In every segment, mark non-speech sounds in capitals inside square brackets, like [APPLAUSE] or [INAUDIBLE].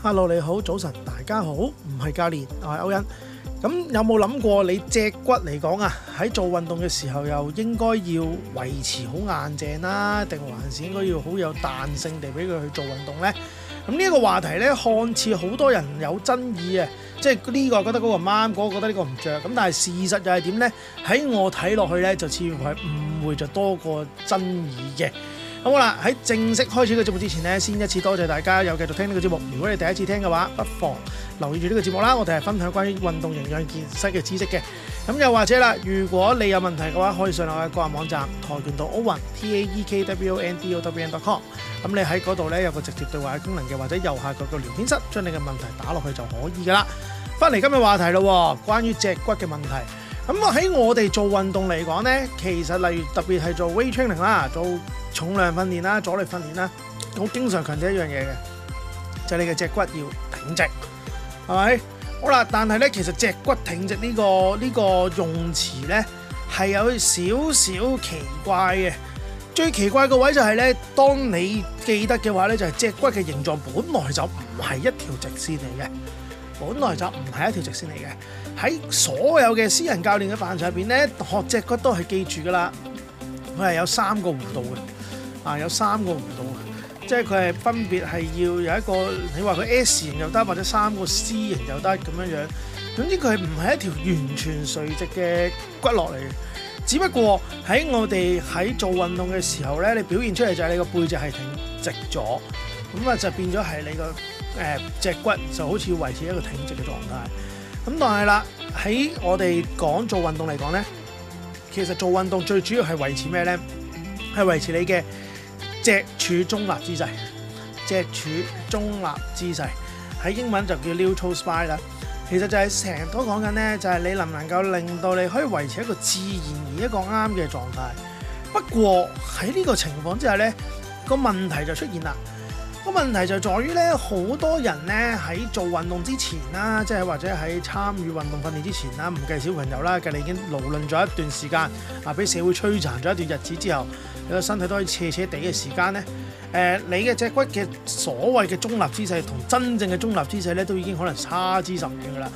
Hello，你好，早晨，大家好，唔係教練，我係歐恩。咁有冇諗過你脊骨嚟講啊？喺做運動嘅時候，又應該要維持好硬淨啦、啊，定還是應該要好有彈性地俾佢去做運動呢？咁呢個話題呢，看似好多人有爭議啊，即係呢個覺得嗰個啱，嗰、嗰個覺得呢個唔着。咁但係事實又係點呢？喺我睇落去呢，就似乎係誤會就多過爭議嘅。好啦，喺正式開始個節目之前呢，先一次多謝大家有繼續聽呢個節目。如果你第一次聽嘅話，不妨留意住呢個節目啦。我哋係分享關於運動營養健身嘅知識嘅。咁又或者啦，如果你有問題嘅話，可以上我嘅個人網站跆拳道歐雲 t a e k w o n d o w e n dot com。咁你喺嗰度呢，有個直接對話嘅功能嘅，或者右下角嘅聊天室，將你嘅問題打落去就可以噶啦。翻嚟今日話題咯，關於脊骨嘅問題。咁我喺我哋做運動嚟講咧，其實例如特別係做 weight training 啦，做重量訓練啦、阻力訓練啦，好經常強調一樣嘢嘅，就係你嘅脊骨要挺直，係咪？好啦，但係咧，其實脊骨挺直呢個呢個用詞咧係有少少奇怪嘅。最奇怪個位就係咧，當你記得嘅話咧，就係脊骨嘅形狀本來就唔係一條直線嚟嘅，本來就唔係一條直線嚟嘅。喺所有嘅私人教練嘅範疇入邊咧，學脊骨都係記住噶啦。佢係有三個弧度嘅，啊有三個弧度嘅，即係佢係分別係要有一個你話佢 S 型又得，或者三個 C 型又得咁樣樣。總之佢唔係一條完全垂直嘅骨落嚟嘅。只不過喺我哋喺做運動嘅時候咧，你表現出嚟就係你個背脊係挺直咗，咁啊就變咗係你個誒、呃、脊骨就好似維持一個挺直嘅狀態。咁但係啦，喺我哋講做運動嚟講咧，其實做運動最主要係維持咩咧？係維持你嘅脊柱中立姿勢。脊柱中立姿勢喺英文就叫 neutral spine 啦。其實就係成日都講緊咧，就係你能唔能夠令到你可以維持一個自然而一個啱嘅狀態。不過喺呢個情況之下咧，個問題就出現啦。個問題就在於咧，好多人咧喺做運動之前啦，即係或者喺參與運動訓練之前啦，唔計小朋友啦，計你已經勞頓咗一段時間，啊，俾社會摧殘咗一段日子之後，你個身體都可以斜斜地嘅時間咧，誒、呃，你嘅脊骨嘅所謂嘅中立姿勢同真正嘅中立姿勢咧，都已經可能差之甚遠噶啦。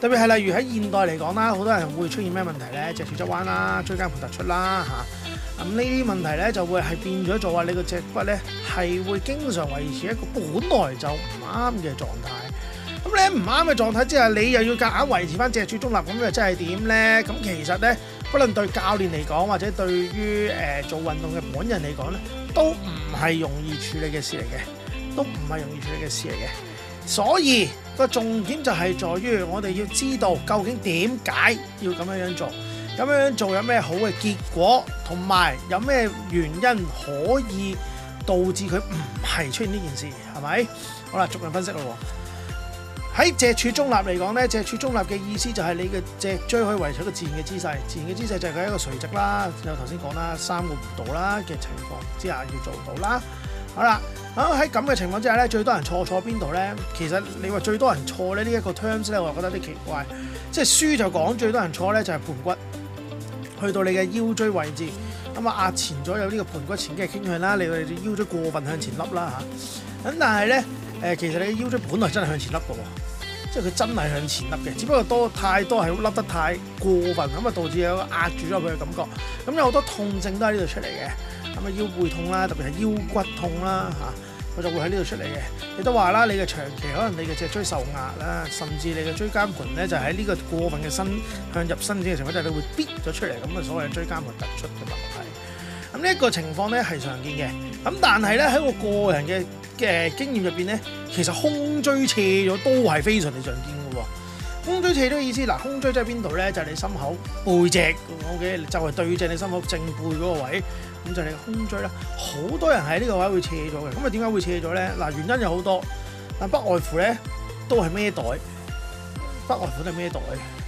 特別係例如喺現代嚟講啦，好多人會出現咩問題咧？脊柱側彎啦，椎間盤突出啦，嚇。咁呢啲問題咧就會係變咗做話你個脊骨咧係會經常維持一個本來就唔啱嘅狀態。咁咧唔啱嘅狀態之下，你又要夾硬維持翻脊柱中立，咁又真係點咧？咁其實咧，不論對教練嚟講，或者對於誒、呃、做運動嘅本人嚟講咧，都唔係容易處理嘅事嚟嘅，都唔係容易處理嘅事嚟嘅。所以個重點就係在於我哋要知道究竟點解要咁樣樣做。咁樣做有咩好嘅結果，同埋有咩原因可以導致佢唔係出現呢件事，係咪？好啦，逐樣分析咯。喺脊柱中立嚟講咧，脊柱中立嘅意思就係你嘅脊椎可以維持一個自然嘅姿勢，自然嘅姿勢就係佢一個垂直啦。就頭先講啦，三個弧度啦嘅情況之下要做到啦。好啦，好喺咁嘅情況之下咧，最多人錯錯邊度咧？其實你話最多人錯咧呢一個 terms 咧，我又覺得啲奇怪，即係書就講、是、最多人錯咧就係盤骨。去到你嘅腰椎位置，咁啊壓前咗有呢個盤骨前嘅傾向啦，令到你腰椎過分向前凹啦嚇。咁但係咧，誒其實你腰椎本來真係向前凹嘅喎，即係佢真係向前凹嘅，只不過多太多係凹得太過分，咁啊導致有壓住咗佢嘅感覺。咁有好多痛症都喺呢度出嚟嘅，咁啊腰背痛啦，特別係腰骨痛啦嚇。佢就會喺呢度出嚟嘅，你都話啦，你嘅長期可能你嘅脊椎受壓啦，甚至你嘅椎間盤咧就喺、是、呢個過分嘅伸向入伸展嘅情況底下，你、就是、會逼咗出嚟，咁啊所謂嘅椎間盤突出嘅問題。咁呢一個情況咧係常見嘅，咁但係咧喺我個人嘅嘅、呃、經驗入邊咧，其實胸椎斜咗都係非常之常見嘅喎。胸椎斜咗意思嗱，胸椎即係邊度咧？就係、是、你心口背脊，OK，就係對正你心口正背嗰個位。咁就係你個胸椎啦，好多人喺呢個位會斜咗嘅。咁啊點解會斜咗咧？嗱，原因有好多，但不外乎咧都係孭袋，不外乎係孭袋。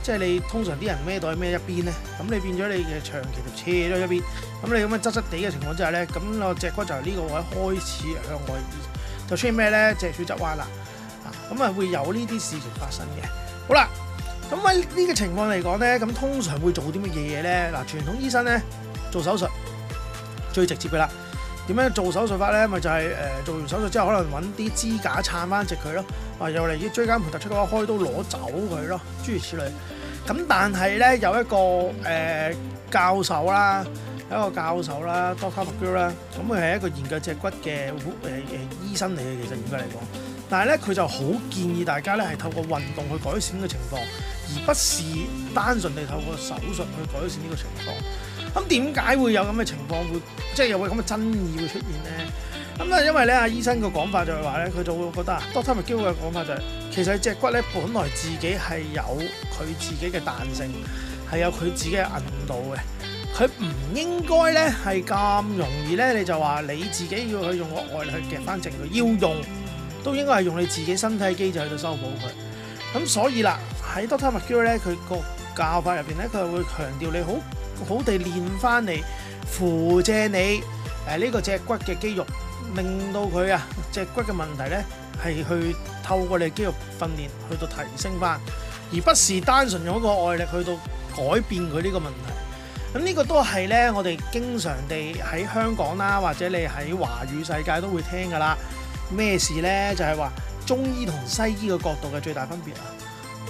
即係你通常啲人孭袋孭一邊咧，咁你變咗你嘅長期就斜咗一邊，咁你咁樣側側地嘅情況之下咧，咁個脊骨就係呢個位開始向外，就出現咩咧？脊柱側彎啦，啊，咁啊會有呢啲事情發生嘅。好啦，咁喺呢個情況嚟講咧，咁通常會做啲乜嘢嘢咧？嗱，傳統醫生咧做手術。最直接嘅啦，點樣做手術法咧？咪就係、是、誒、呃、做完手術之後，可能揾啲支架撐翻隻佢咯。啊，又嚟啲椎間盤突出嘅話，開刀攞走佢咯，諸如此類。咁但係咧，有一個誒、呃、教授啦，一個教授啦，Doctor McGill 啦，咁佢係一個研究脊骨嘅誒誒醫生嚟嘅，其實嚴格嚟講。但係咧，佢就好建議大家咧係透過運動去改善嘅情況，而不是單純地透過手術去改善呢個情況。咁點解會有咁嘅情況，會即係又會咁嘅爭議會出現咧？咁啊，因為咧，阿醫生嘅講法就係話咧，佢就會覺得啊，Doctor McGill 嘅講法就係、是、其實隻骨咧，本來自己係有佢自己嘅彈性，係有佢自己嘅韌度嘅，佢唔應該咧係咁容易咧，你就話你自己要去用個外力去夾翻正佢，要用都應該係用你自己身體嘅機制去到修補佢。咁所以啦，喺 Doctor McGill 咧，佢個教法入邊咧，佢係會強調你好好地練翻嚟扶正你呢個脊骨嘅肌肉，令到佢啊，脊骨嘅問題呢係去透過你肌肉訓練去到提升翻，而不是單純用一個外力去到改變佢呢個問題。咁呢個都係呢，我哋經常地喺香港啦，或者你喺華語世界都會聽㗎啦。咩事呢？就係話中醫同西醫個角度嘅最大分別啊！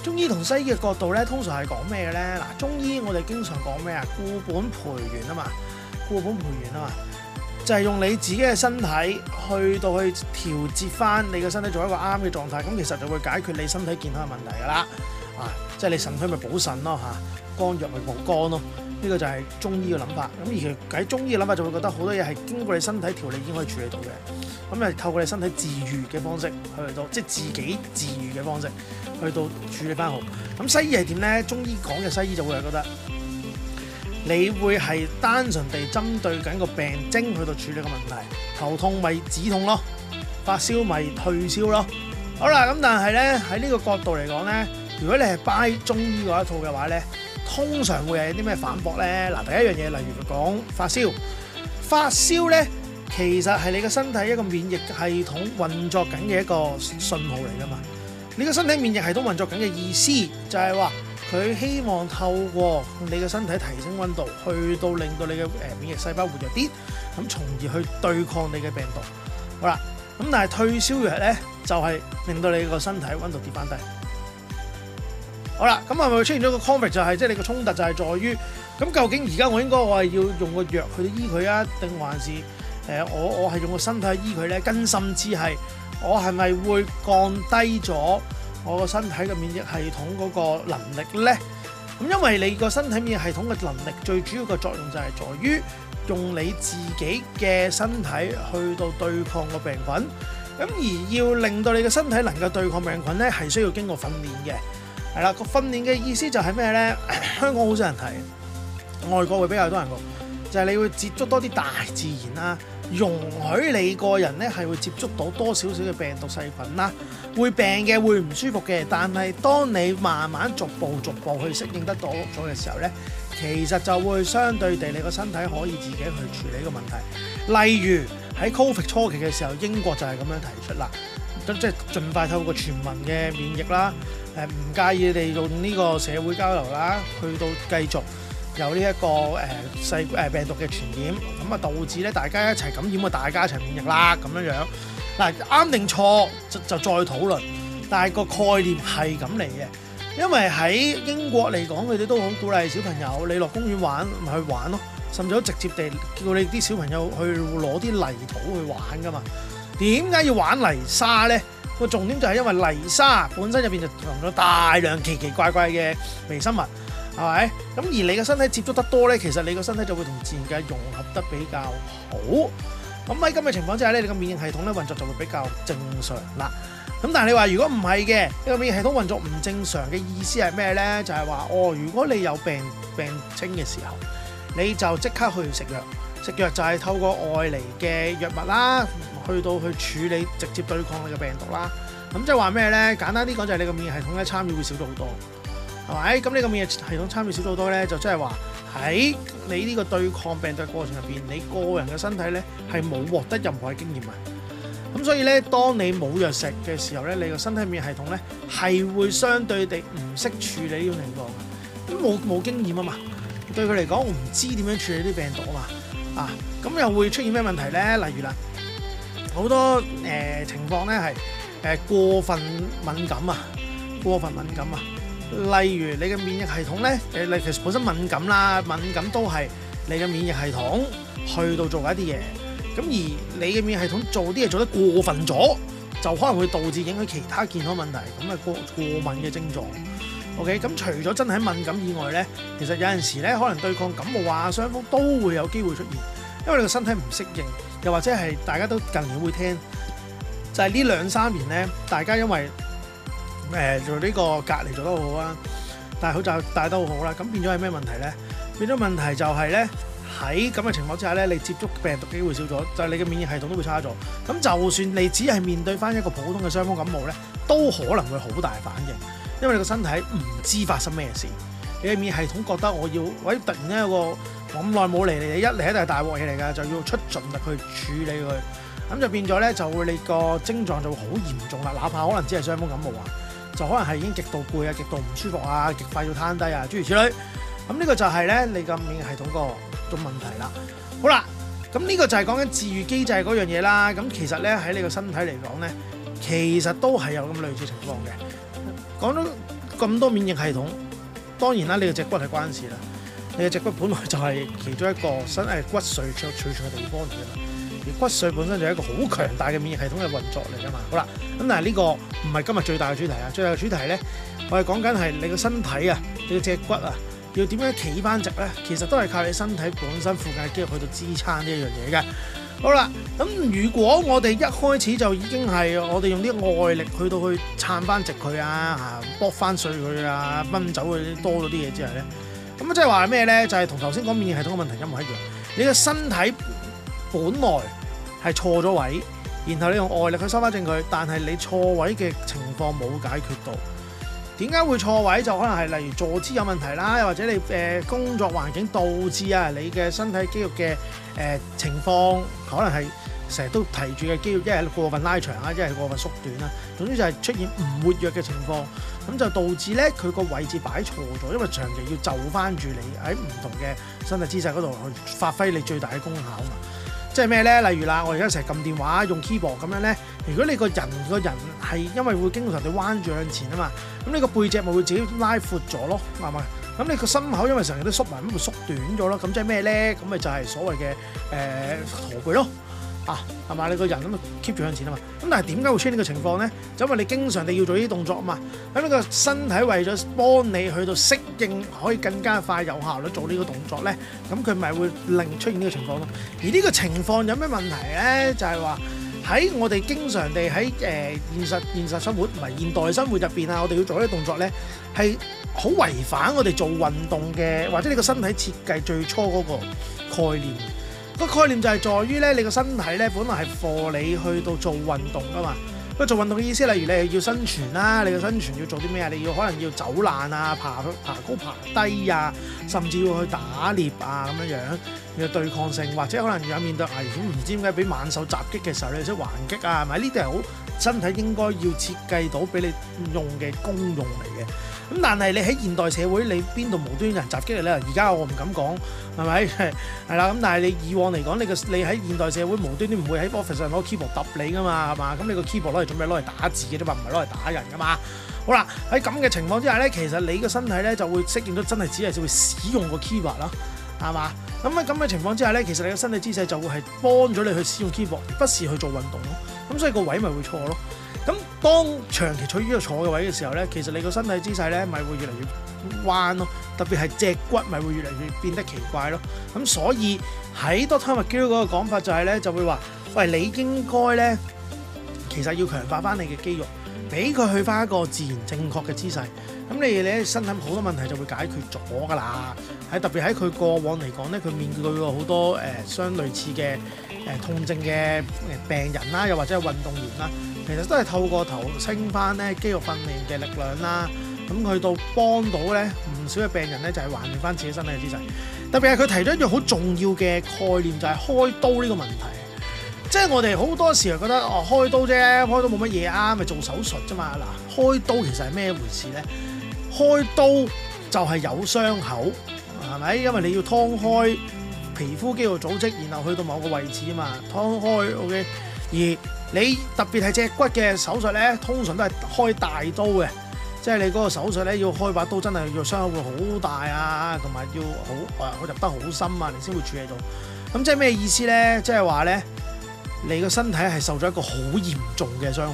中醫同西醫嘅角度咧，通常係講咩嘅咧？嗱，中醫我哋經常講咩啊？固本培元啊嘛，固本培元啊嘛，就係、是、用你自己嘅身體去到去調節翻你嘅身體，做一個啱嘅狀態，咁其實就會解決你身體健康嘅問題噶啦。啊，即係你腎虛咪補腎咯，吓，啊，肝弱咪補肝咯。呢個就係中醫嘅諗法，咁而其實喺中醫嘅諗法就會覺得好多嘢係經過你身體調理已經可以處理到嘅，咁係透過你身體自愈嘅方式去到即係自己自愈嘅方式去到處理返好。咁西醫係點咧？中醫講嘅西醫就會覺得，你會係單純地針對緊個病徵去到處理個問題，頭痛咪止痛咯，發燒咪退燒咯。好啦，咁但係咧喺呢個角度嚟講咧，如果你係 buy 中醫嗰一套嘅話咧。通常會係啲咩反駁呢？嗱，第一樣嘢，例如講發燒，發燒呢其實係你個身體一個免疫系統運作緊嘅一個信號嚟㗎嘛。你個身體免疫系統運作緊嘅意思就係話佢希望透過你嘅身體提升温度，去到令到你嘅誒免疫細胞活躍啲，咁從而去對抗你嘅病毒。好啦，咁但係退燒藥呢，就係、是、令到你個身體温度跌返低。好啦，咁係咪出現咗個 conflict 就係即係你個衝突就係在於咁，究竟而家我應該我係要用個藥去醫佢啊，定還是、呃、我我係用個身體去醫佢呢？跟甚至係我係咪會降低咗我個身體嘅免疫系統嗰個能力呢？咁因為你個身體免疫系統嘅能力最主要嘅作用就係在於用你自己嘅身體去到對抗個病菌咁，而要令到你嘅身體能夠對抗病菌呢，係需要經過訓練嘅。係啦，個訓練嘅意思就係咩咧？ [LAUGHS] 香港好少人提，外國會比較多人講，就係你會接觸多啲大自然啦，容許你個人咧係會接觸到多少少嘅病毒細菌啦，會病嘅會唔舒服嘅，但係當你慢慢逐步逐步去適應得到咗嘅時候咧，其實就會相對地你個身體可以自己去處理個問題。例如喺 Covid 初期嘅時候，英國就係咁樣提出啦，即係盡快透過全民嘅免疫啦。誒唔、呃、介意你哋用呢個社會交流啦，去到繼續有呢、這、一個誒、呃、細誒、呃、病毒嘅傳染，咁啊導致咧大家一齊感染啊，大家一齊免疫啦咁樣樣，嗱，啱定錯就，就再討論，但係個概念係咁嚟嘅。因為喺英國嚟講，佢哋都好鼓勵小朋友你落公園玩，咪去玩咯，甚至乎直接地叫你啲小朋友去攞啲泥土去玩噶嘛。點解要玩泥沙咧？個重點就係因為泥沙本身入邊就含咗大量奇奇怪怪嘅微生物，係咪？咁而你嘅身體接觸得多咧，其實你個身體就會同自然界融合得比較好。咁喺咁嘅情況之下咧，你個免疫系統咧運作就會比較正常啦。咁但係你話如果唔係嘅，呢個免疫系統運作唔正常嘅意思係咩咧？就係話哦，如果你有病病徵嘅時候，你就即刻去食藥。食藥就係透過外嚟嘅藥物啦。去到去處理直接對抗你嘅病毒啦，咁即係話咩咧？簡單啲講，就係你個免疫系統嘅參與會少咗好多，係咪？咁你個免疫系統參與少咗好多咧，就即係話喺你呢個對抗病毒嘅過程入邊，你個人嘅身體咧係冇獲得任何嘅經驗啊。咁所以咧，當你冇藥食嘅時候咧，你個身體免疫系統咧係會相對地唔識處理呢種情況，咁冇冇經驗啊嘛。對佢嚟講，我唔知點樣處理啲病毒啊嘛。啊，咁又會出現咩問題咧？例如啦。好多誒、呃、情況咧係誒過分敏感啊，過分敏感啊。例如你嘅免疫系統咧誒、呃，其實本身敏感啦，敏感都係你嘅免疫系統去到做一啲嘢。咁而你嘅免疫系統做啲嘢做得過分咗，就可能會導致影響其他健康問題。咁啊過過敏嘅症狀。OK，咁除咗真係敏感以外咧，其實有陣時咧可能對抗感冒啊、傷風都會有機會出現，因為你個身體唔適應。又或者係大家都近年會聽，就係呢兩三年咧，大家因為誒做呢個隔離做得好好啊，戴口罩戴得好好啦。咁變咗係咩問題咧？變咗問題就係咧喺咁嘅情況之下咧，你接觸病毒機會少咗，就係、是、你嘅免疫系統都會差咗。咁就算你只係面對翻一個普通嘅傷風感冒咧，都可能會好大反應，因為你個身體唔知發生咩事，你嘅免疫系統覺得我要，我突然間有一個。咁耐冇嚟，你一嚟一定係大鑊嘢嚟㗎，就要出盡力去處理佢，咁就變咗咧，就會你個症狀就會好嚴重啦。哪怕可能只係傷風感冒啊，就可能係已經極度攰啊、極度唔舒服啊、極快要攤低啊，諸如此類。咁呢個就係咧你個免疫系統個種問題啦。好啦，咁呢個就係講緊治愈機制嗰樣嘢啦。咁其實咧喺你個身體嚟講咧，其實都係有咁類似情況嘅。講咗咁多免疫系統，當然啦，你個脊骨係關事啦。你嘅脊骨本來就係其中一個身係骨髓最脆長嘅地方嚟噶啦，而骨髓本身就係一個好強大嘅免疫系統嘅運作嚟噶嘛。好啦，咁但係呢個唔係今日最大嘅主題啊，最大嘅主題咧，我哋講緊係你個身體啊，你嘅脊骨啊，要點樣企翻直咧？其實都係靠你身體本身附近嘅肌肉去到支撐呢一樣嘢嘅。好啦，咁如果我哋一開始就已經係我哋用啲外力去到去撐翻直佢啊，嚇撥翻碎佢啊，掹走佢多咗啲嘢之後咧。咁即係話咩呢？就係同頭先講免疫系統嘅問題一模一樣。你嘅身體本來係錯咗位，然後你用外力去收翻正佢，但係你錯位嘅情況冇解決到。點解會錯位？就可能係例如坐姿有問題啦，又或者你誒工作環境導致啊，你嘅身體肌肉嘅誒情況可能係。成日都提住嘅肌肉，一係過分拉長啦，一係過分縮短啦，總之就係出現唔活躍嘅情況，咁就導致咧佢個位置擺錯咗，因為長期要就翻住你喺唔同嘅身體姿勢嗰度去發揮你最大嘅功效啊嘛。即係咩咧？例如啦，我而家成日撳電話、用 keyboard 咁樣咧，如果你個人個人係因為會經常都彎住向前啊嘛，咁你個背脊咪會自己拉闊咗咯，係咪？咁你個心口因為成日都縮埋，咁咪縮短咗、呃、咯，咁即係咩咧？咁咪就係所謂嘅誒駝背咯。啊，係嘛？你個人咁就 keep 住向前啊嘛。咁但係點解會出現呢個情況咧？就因為你經常地要做呢啲動作啊嘛。咁你個身體為咗幫你去到適應，可以更加快有效率做呢個動作咧，咁佢咪會令出現呢個情況咯。而呢個情況有咩問題咧？就係話喺我哋經常地喺誒現實現實生活唔係現代生活入邊啊，我哋要做呢啲動作咧，係好違反我哋做運動嘅或者你個身體設計最初嗰個概念。個概念就係在於咧，你個身體咧本來係 for 你去到做運動噶嘛。不過做運動嘅意思，例如你要生存啦，你嘅生存要做啲咩啊？你要可能要走難啊，爬爬高爬低啊，甚至要去打獵啊咁樣樣，要有對抗性，或者可能有面對危險，唔知點解俾猛獸襲擊嘅時候，你識還擊啊？係咪呢啲係好身體應該要設計到俾你用嘅功用嚟嘅。咁但係你喺現代社會，你邊度無端人襲擊你咧？而家我唔敢講，係咪？係啦，咁但係你以往嚟講，你個你喺現代社會無端端唔會喺 office 上攞 keyboard 揼你噶嘛，係嘛？咁你個 keyboard 攞嚟做咩？攞嚟打字嘅啫嘛，唔係攞嚟打人噶嘛。好啦，喺咁嘅情況之下咧，其實你個身體咧就會適應到真係只係會使用個 keyboard 咯，係嘛？咁喺咁嘅情況之下咧，其實你嘅身體姿勢就會係幫咗你去使用 keyboard，而不是去做運動咯。咁所以個位咪會錯咯。當長期坐於個坐嘅位嘅時候咧，其實你個身體姿勢咧，咪會越嚟越彎咯，特別係脊骨咪會越嚟越變得奇怪咯。咁所以喺 Doctor McGill 嗰個講法就係、是、咧，就會話：喂，你應該咧，其實要強化翻你嘅肌肉，俾佢去翻一個自然正確嘅姿勢。咁你咧身體好多問題就會解決咗㗎啦。喺特別喺佢過往嚟講咧，佢面對過好多誒相、呃、類似嘅誒、呃、痛症嘅病人啦，又或者係運動員啦。其實都係透過頭稱翻咧肌肉訓練嘅力量啦，咁去到幫到咧唔少嘅病人咧就係還原翻自己身體嘅姿勢。特別係佢提咗一樣好重要嘅概念，就係開刀呢個問題。即係我哋好多時候覺得哦，開刀啫，開刀冇乜嘢啊，咪做手術啫嘛。嗱，開刀其實係咩回事咧？開刀就係有傷口，係咪？因為你要劏開皮膚肌肉組織，然後去到某個位置啊嘛，劏開 OK 而。你特別係脊骨嘅手術咧，通常都係開大刀嘅，即係你嗰個手術咧要開把刀，真係要傷口會好大啊，同埋要好誒、呃、入得好深啊，你先會處理到。咁即係咩意思咧？即係話咧，你個身體係受咗一個好嚴重嘅傷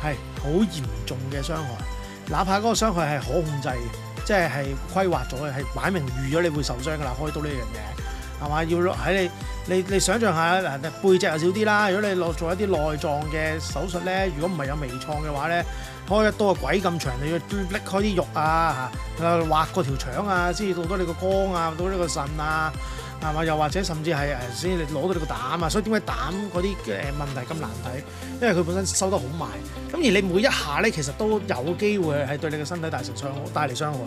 害，係好嚴重嘅傷害，哪怕嗰個傷害係可控制，即係係規劃咗嘅，係擺明明預咗你會受傷噶啦，開刀呢樣嘢，係嘛？要喺你。你你想象下嗱，背脊又少啲啦。如果你落做一啲內臟嘅手術咧，如果唔係有微創嘅話咧，開一刀啊鬼咁長，你要拎開啲肉啊，啊劃個條腸啊，先至到到你個肝啊，到呢個腎啊，係嘛？又或者甚至係誒先攞到你個膽啊，所以點解膽嗰啲誒問題咁難睇？因為佢本身收得好埋。咁而你每一下咧，其實都有機會係對你嘅身體帶嚟傷害。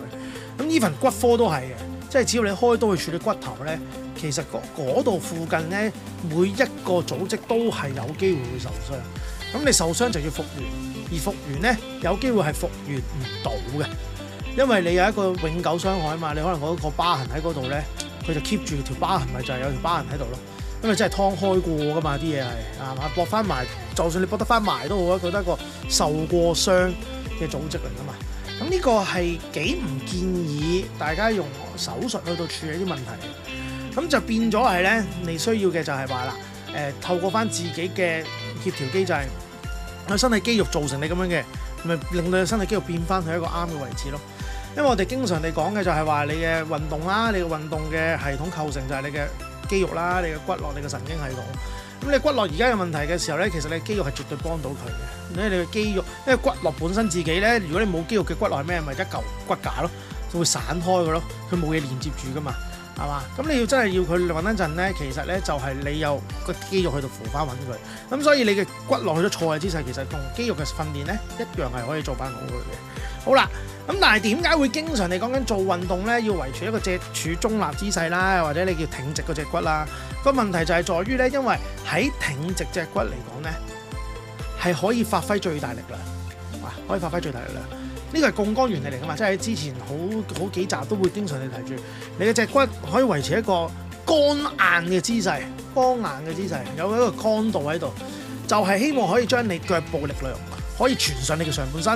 咁呢份骨科都係嘅。即係只要你開刀去處理骨頭咧，其實嗰度附近咧，每一個組織都係有機會會受傷。咁你受傷就要復原，而復原咧有機會係復原唔到嘅，因為你有一個永久傷害啊嘛。你可能嗰個疤痕喺嗰度咧，佢就 keep 住條疤痕，咪就係有條疤痕喺度咯。因為真係劏開過㗎嘛，啲嘢係啊嘛，搏翻埋，就算你搏得翻埋都好啊，佢都係個受過傷嘅組織嚟㗎嘛。咁呢個係幾唔建議大家用手術去到處理啲問題的。咁就變咗係咧，你需要嘅就係話啦，誒、呃、透過翻自己嘅協調機制，個身體肌肉造成你咁樣嘅，咪令到你身體肌肉變翻去一個啱嘅位置咯。因為我哋經常地講嘅就係話你嘅運動啦，你嘅運動嘅系統構成就係你嘅肌肉啦，你嘅骨骼，你嘅神經系統。咁你骨骼而家有問題嘅時候咧，其實你肌肉係絕對幫到佢嘅。因為你嘅肌肉，因為骨骼本身自己咧，如果你冇肌肉嘅骨骼係咩？咪一嚿骨架咯，就會散開㗎咯，佢冇嘢連接住㗎嘛，係嘛？咁你真要真係要佢穩一陣咧，其實咧就係你有個肌肉喺度扶翻穩佢。咁所以你嘅骨骼去咗錯嘅姿勢，其實同肌肉嘅訓練咧一樣係可以做翻好佢嘅。好啦，咁但係點解會經常你講緊做運動咧，要維持一個脊柱中立姿勢啦，或者你叫挺直個隻骨啦？個問題就係在於咧，因為喺挺直隻骨嚟講咧，係可以發揮最大力量，啊，可以發揮最大力量。呢個係槓桿原理嚟噶嘛，即係之前好好幾集都會經常你提住，你嘅脊骨可以維持一個剛硬嘅姿勢，剛硬嘅姿勢，有一個剛度喺度，就係希望可以將你腳部力量。可以傳上你嘅上半身，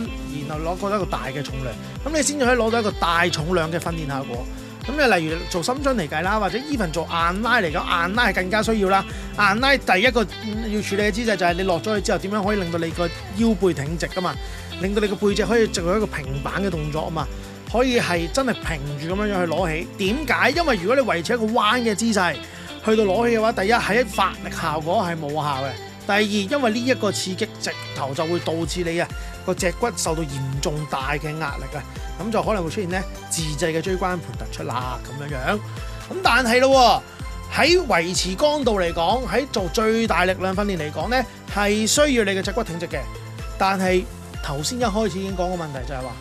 然後攞過一個大嘅重量，咁你先至可以攞到一個大重量嘅訓練效果。咁你例如做深蹲嚟計啦，或者 even 做硬拉嚟講，硬拉係更加需要啦。硬拉第一個要處理嘅姿勢就係你落咗去之後，點樣可以令到你個腰背挺直㗎嘛，令到你個背脊可以做一個平板嘅動作啊嘛，可以係真係平住咁樣樣去攞起。點解？因為如果你維持一個彎嘅姿勢去到攞起嘅話，第一係一發力效果係冇效嘅。第二，因為呢一個刺激直頭就會導致你啊個脊骨受到嚴重大嘅壓力啊，咁就可能會出現呢，自製嘅椎間盤突出啦，咁樣樣。咁但係咯喎，喺維持剛度嚟講，喺做最大力量訓練嚟講呢，係需要你嘅脊骨挺直嘅。但係頭先一開始已經講個問題就係話，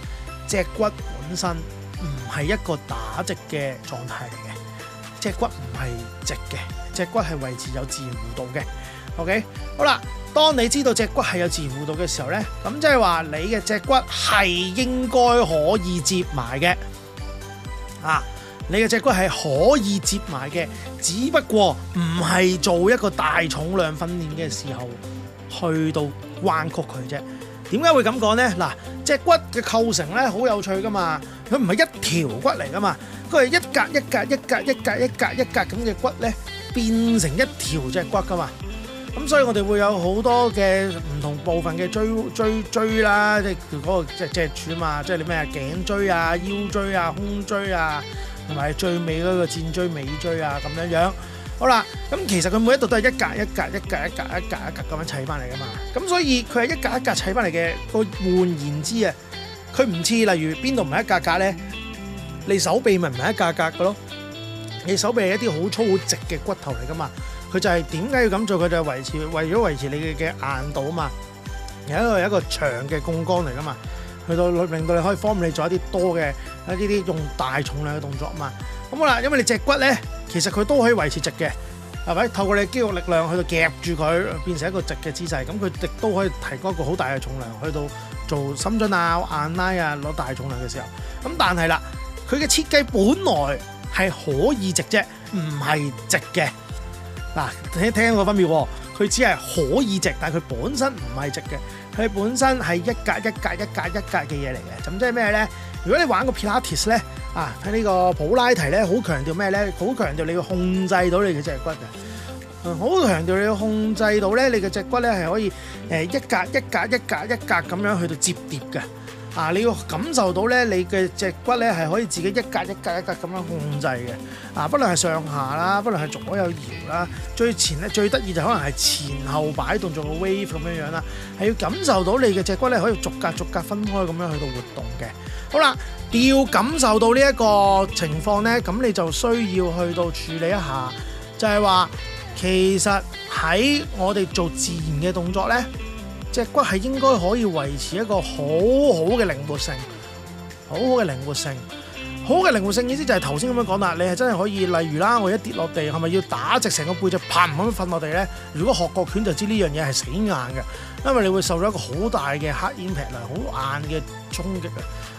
脊骨本身唔係一個打直嘅狀態嚟嘅，脊骨唔係直嘅，脊骨係維持有自然弧度嘅。OK，好啦。當你知道脊骨係有自然弧度嘅時候呢，咁即係話你嘅脊骨係應該可以接埋嘅啊。你嘅脊骨係可以接埋嘅，只不過唔係做一個大重量訓練嘅時候去到彎曲佢啫。點解會咁講呢？嗱，脊骨嘅構成呢，好有趣噶嘛。佢唔係一條骨嚟噶嘛，佢係一格一格一格一格一格一格咁嘅骨呢，變成一條脊骨噶嘛。咁所以我哋會有好多嘅唔同部分嘅椎椎椎啦，即係嗰個脊脊柱嘛，即係你咩頸椎啊、腰椎啊、胸椎啊，同埋最尾嗰個薦椎尾椎啊咁樣樣。好啦，咁其實佢每一度都係一格一格一格一格一格一格咁樣砌翻嚟噶嘛。咁所以佢係一格一格砌翻嚟嘅。個換言之啊，佢唔似例如邊度唔係一格格咧？你手臂咪唔係一格格嘅咯？你手臂係一啲好粗好直嘅骨頭嚟噶嘛？佢就係點解要咁做？佢就係維持，為咗維持你嘅硬度啊嘛。有一個一個長嘅槓桿嚟噶嘛，去到令到你可以方便你做一啲多嘅一啲啲用大重量嘅動作啊嘛。咁好啦，因為你脊骨咧，其實佢都可以維持直嘅，係咪？透過你嘅肌肉力量去到夾住佢，變成一個直嘅姿勢，咁佢亦都可以提高一個好大嘅重量，去到做深蹲啊、硬拉啊、攞大重量嘅時候。咁但係啦，佢嘅設計本來係可以直啫，唔係直嘅。嗱，聽聽個分別喎，佢只係可以直，但係佢本身唔係直嘅，佢本身係一格一格一格一格嘅嘢嚟嘅。咁即係咩咧？如果你玩個 Pilates 咧、啊，啊睇呢個普拉提咧，好強調咩咧？好強調你要控制到你嘅脊骨嘅，好強調你要控制到咧，你嘅脊骨咧係可以誒一格一格一格一格咁樣去到摺疊嘅。啊！你要感受到咧，你嘅脊骨咧係可以自己一格一格一格咁樣控制嘅。啊，不論係上下啦，不論係左右搖啦，最前咧最得意就是可能係前後擺動做個 wave 咁樣樣啦。係要感受到你嘅脊骨咧可以逐格逐格分開咁樣去到活動嘅。好啦，要感受到呢一個情況咧，咁你就需要去到處理一下，就係話其實喺我哋做自然嘅動作咧。脊骨係應該可以維持一個好好嘅靈活性，好好嘅靈活性，好好嘅靈活性，好嘅靈活性意思就係頭先咁樣講啦。你係真係可以，例如啦，我一跌落地係咪要打直成個背脊，拍唔肯瞓落地咧？如果學過拳就知呢樣嘢係死硬嘅，因為你會受到一個好大嘅 head impact，好硬嘅衝擊啊。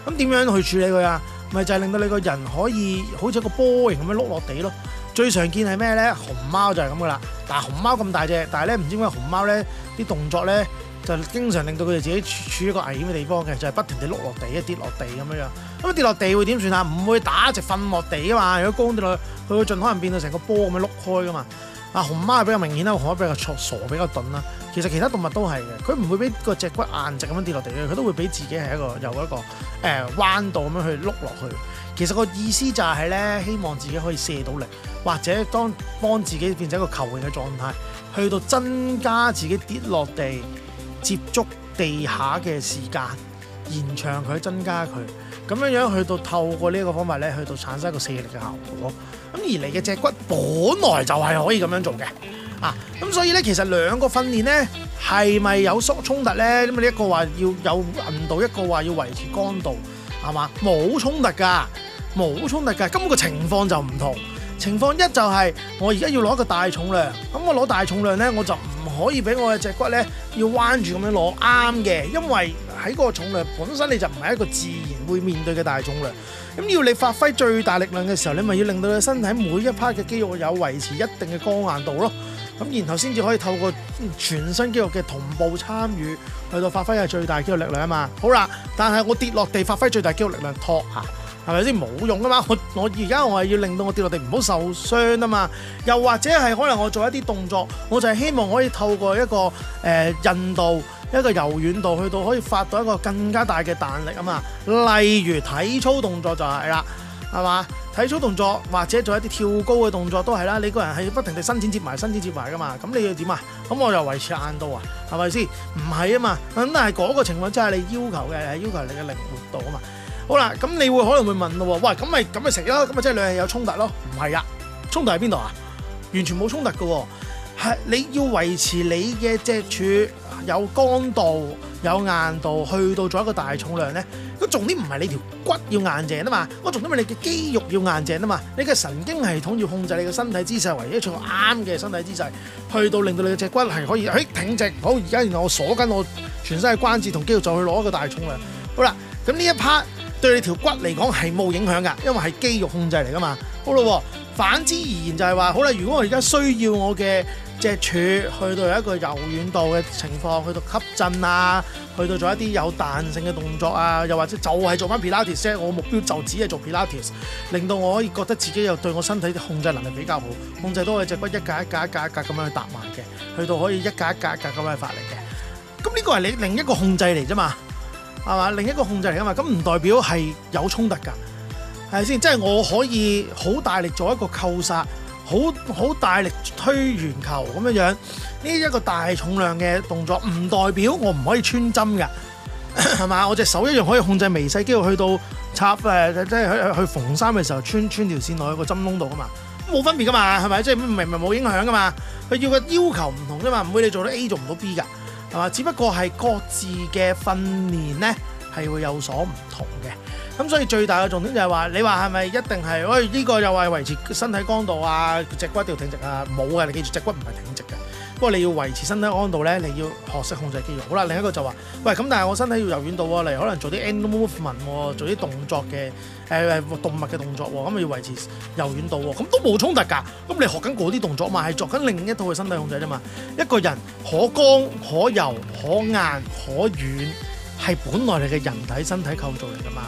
咁點樣去處理佢啊？咪就係令到你個人可以好似個波形咁樣碌落地咯。最常見係咩咧？熊貓就係咁噶啦。但熊貓咁大隻，但係咧唔知點解熊貓咧啲動作咧。就經常令到佢哋自己處於一個危險嘅地方嘅，就係不停地碌落地，一跌落地咁樣樣咁跌落地會點算啊？唔會打直瞓落地啊嘛。如果高跌落去，佢會盡可能變到成個波咁樣碌開噶嘛。啊，熊貓比較明顯啦，熊貓比較傻傻，比較鈍啦。其實其他動物都係嘅，佢唔會俾個脊骨硬直咁樣跌落地，佢都會俾自己係一個有一個誒、呃、彎度咁樣去碌落去。其實個意思就係咧，希望自己可以卸到力，或者當幫自己變成一個球形嘅狀態，去到增加自己跌落地。接觸地下嘅時間延長佢，增加佢咁樣樣去到透過呢個方法咧，去到產生一個卸力嘅效果。咁而你嘅脊骨本來就係可以咁樣做嘅啊。咁所以咧，其實兩個訓練咧係咪有衝衝突咧？咁你一個話要有韌度，一個話要維持幹度，係嘛？冇衝突㗎，冇衝突㗎，根本個情況就唔同。情況一就係，我而家要攞一個大重量，咁我攞大重量呢，我就唔可以俾我嘅脊骨呢要彎住咁樣攞啱嘅，因為喺嗰個重量本身你就唔係一個自然會面對嘅大重量，咁要你發揮最大力量嘅時候，你咪要令到你身體每一 part 嘅肌肉有維持一定嘅剛硬度咯，咁然後先至可以透過全身肌肉嘅同步參與去到發揮係最大肌肉力量啊嘛。好啦，但係我跌落地發揮最大肌肉力量托下。係咪先冇用噶嘛？我我而家我係要令到我跌落地唔好受傷啊嘛！又或者係可能我做一啲動作，我就係希望可以透過一個誒、呃、硬度、一個柔軟度去到可以發到一個更加大嘅彈力啊嘛！例如體操動作就係啦，係嘛？體操動作或者做一啲跳高嘅動作都係啦。你個人係不停地伸展接埋、伸展接埋噶嘛？咁你要點啊？咁我又維持硬度啊？係咪先？唔係啊嘛！咁但係嗰個情況真係你要求嘅係要求你嘅靈活度啊嘛！好啦，咁你會可能會問咯，喂，咁咪咁咪食咯，咁咪即係兩樣有衝突咯？唔係啊，衝突喺邊度啊？完全冇衝突嘅喎、係，你要維持你嘅脊柱有剛度、有硬度，去到咗一個大重量咧。咁重點唔係你條骨要硬淨啊嘛，我重點係你嘅肌肉要硬淨啊嘛，你嘅神經系統要控制你嘅身體姿勢唯，維持一個啱嘅身體姿勢，去到令到你嘅脊骨係可以喺挺直。好，而家原來我鎖緊我全身嘅關節同肌肉，就去攞一個大重量。好啦，咁呢一 part。對你條骨嚟講係冇影響㗎，因為係肌肉控制嚟㗎嘛。好啦，反之而言就係話，好啦，如果我而家需要我嘅脊柱去到有一個柔軟度嘅情況，去到吸震啊，去到做一啲有彈性嘅動作啊，又或者就係做翻 Pilates 呢，我目標就只係做 Pilates，令到我可以覺得自己又對我身體嘅控制能力比較好，控制到我隻骨一格一格一格一格咁樣去搭埋嘅，去到可以一格一格格咁樣去發力嘅。咁呢個係你另一個控制嚟啫嘛。係嘛？另一個控制嚟噶嘛？咁唔代表係有衝突㗎，係先？即係我可以好大力做一個扣殺，好好大力推圓球咁樣樣。呢一個大重量嘅動作唔代表我唔可以穿針㗎，係嘛？我隻手一樣可以控制微細肌肉，去到插誒、呃，即係去去去縫衫嘅時候穿穿條線落去個針窿度㗎嘛。冇分別㗎嘛，係咪？即係明明冇影響㗎嘛？佢要個要求唔同啫嘛，唔會你做到 A 做唔到 B 㗎。係嘛？只不過係各自嘅訓練咧，係會有所唔同嘅。咁所以最大嘅重點就係話你話係咪一定係喂，呢個，哎這個又係維持身體剛度啊，脊骨要挺直啊？冇嘅，你記住，脊骨唔係挺。不過你要維持身體安度呢，你要學識控制肌肉。好啦，另一個就話，喂，咁，但係我身體要柔軟度喎，例如可能做啲 end movement，做啲動作嘅誒、呃、動物嘅動作喎，咁要維持柔軟度喎，咁都冇衝突㗎。咁你學緊嗰啲動作嘛，係做緊另一套嘅身體控制啫嘛。一個人可剛可柔可硬可軟，係本來你嘅人體身體構造嚟㗎嘛，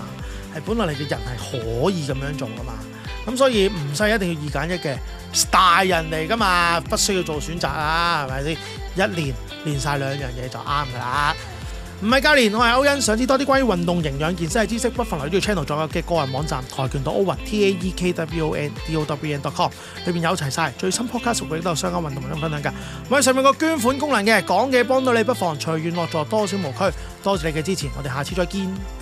係本來你嘅人係可以咁樣做㗎嘛。咁所以唔使一定要二揀一嘅，大人嚟噶嘛，不需要做選擇啊，係咪先？一年練晒兩樣嘢就啱噶啦。唔係教練，我係歐文。想知多啲關於運動營養健身嘅知識，不妨留意呢個 channel 仲有嘅個人網站跆拳道歐文 T A E K W O N D O W E N dot com，裏邊有齊晒最新 podcast，亦都有相關運動營養分享噶。唔係上面有個捐款功能嘅，講嘢幫到你，不妨隨緣樂助，多少無拘。多謝你嘅支持，我哋下次再見。